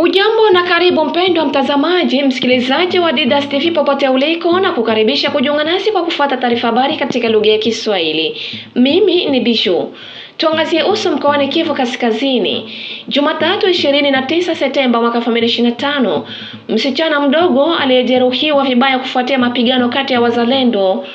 ujambo na karibu mpendwa mtazamaji, msikilizaji wa Didas TV popote uliko, na kukaribisha kujiunga nasi kwa kufuata taarifa habari katika lugha ya Kiswahili. Mimi ni Bishu. Tuangazie uso mkoani Kivu Kaskazini. Jumatatu 29 Septemba mwaka 2025, msichana mdogo aliyejeruhiwa vibaya kufuatia mapigano kati ya wazalendo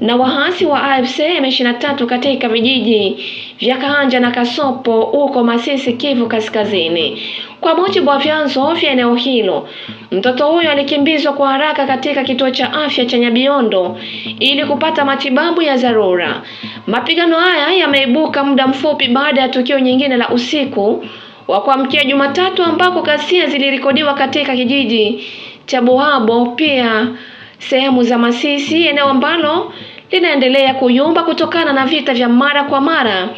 na waasi wa AFC M23 katika vijiji vya Kahanja na Kasopo huko Masisi, Kivu Kaskazini. Kwa mujibu wa vyanzo vya eneo hilo, mtoto huyo alikimbizwa kwa haraka katika kituo cha afya cha Nyabiondo ili kupata matibabu ya dharura. Mapigano haya yameibuka muda mfupi baada ya tukio nyingine la usiku wa kuamkia Jumatatu ambako ghasia zilirekodiwa katika kijiji cha Buhabo pia sehemu za Masisi, eneo ambalo linaendelea kuyumba kutokana na vita vya mara kwa mara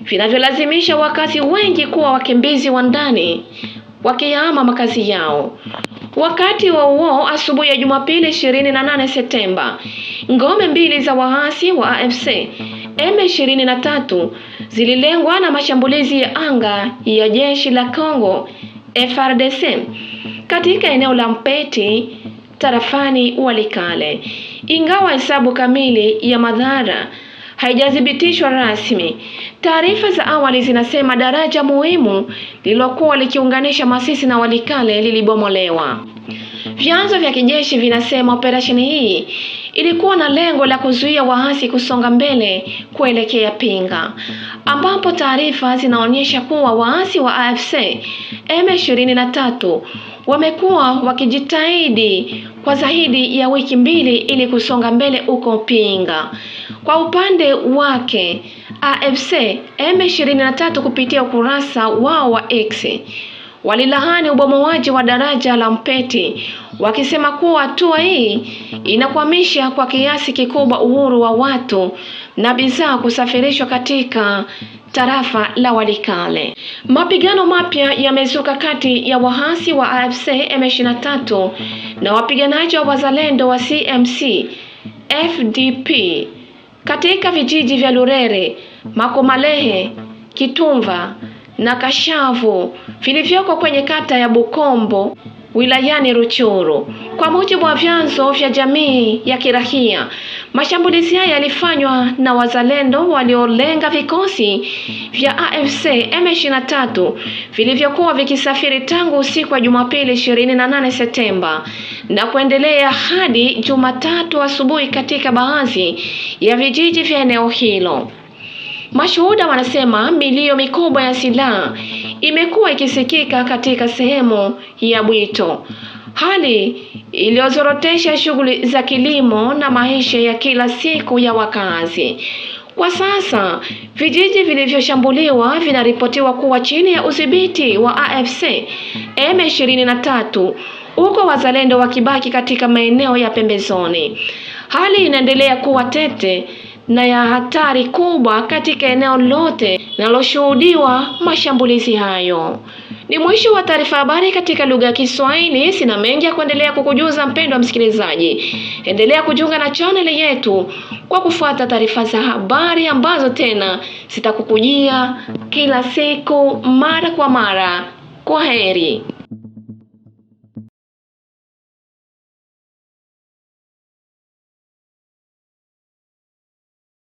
vinavyolazimisha wakazi wengi kuwa wakimbizi wa ndani wakihama makazi yao. Wakati wa huo, asubuhi ya Jumapili 28 Septemba, ngome mbili za waasi wa AFC M23 zililengwa na mashambulizi ya anga ya jeshi la Congo frdc katika eneo la Mpeti tarafani Walikale, ingawa hesabu kamili ya madhara haijathibitishwa rasmi. Taarifa za awali zinasema daraja muhimu lililokuwa likiunganisha Masisi na Walikale lilibomolewa. Vyanzo vya kijeshi vinasema operesheni hii ilikuwa na lengo la kuzuia waasi kusonga mbele kuelekea Pinga, ambapo taarifa zinaonyesha kuwa waasi wa AFC M23 wamekuwa wakijitahidi kwa zaidi ya wiki mbili ili kusonga mbele uko Pinga. Kwa upande wake, AFC M23 kupitia ukurasa wao wa X walilahani ubomoaji wa daraja la Mpeti wakisema kuwa hatua hii inakwamisha kwa kiasi kikubwa uhuru wa watu na bidhaa kusafirishwa katika tarafa la Walikale. Mapigano mapya yamezuka kati ya waasi wa AFC M23 na wapiganaji wa wazalendo wa CMC FDP katika vijiji vya Lurere, Makomalehe, Kitumva na Kashavu vilivyoko kwenye kata ya Bukombo wilayani Ruchuru. Kwa mujibu wa vyanzo vya jamii ya kirahia, mashambulizi haya yalifanywa na wazalendo waliolenga vikosi vya AFC M23 vilivyokuwa vikisafiri tangu usiku wa Jumapili 28 Septemba na kuendelea hadi Jumatatu asubuhi katika baadhi ya vijiji vya eneo hilo. Mashuhuda wanasema milio mikubwa ya silaha imekuwa ikisikika katika sehemu ya Bwito, hali iliyozorotesha shughuli za kilimo na maisha ya kila siku ya wakazi. Kwa sasa vijiji vilivyoshambuliwa vinaripotiwa kuwa chini ya udhibiti wa AFC M23 huko wazalendo wakibaki katika maeneo ya pembezoni. Hali inaendelea kuwa tete na ya hatari kubwa katika eneo lote linaloshuhudiwa mashambulizi hayo. Ni mwisho wa taarifa habari katika lugha ya Kiswahili. Sina mengi ya kuendelea kukujuza mpendwa msikilizaji, endelea kujiunga na chaneli yetu kwa kufuata taarifa za habari ambazo tena zitakukujia kila siku mara kwa mara. Kwa heri.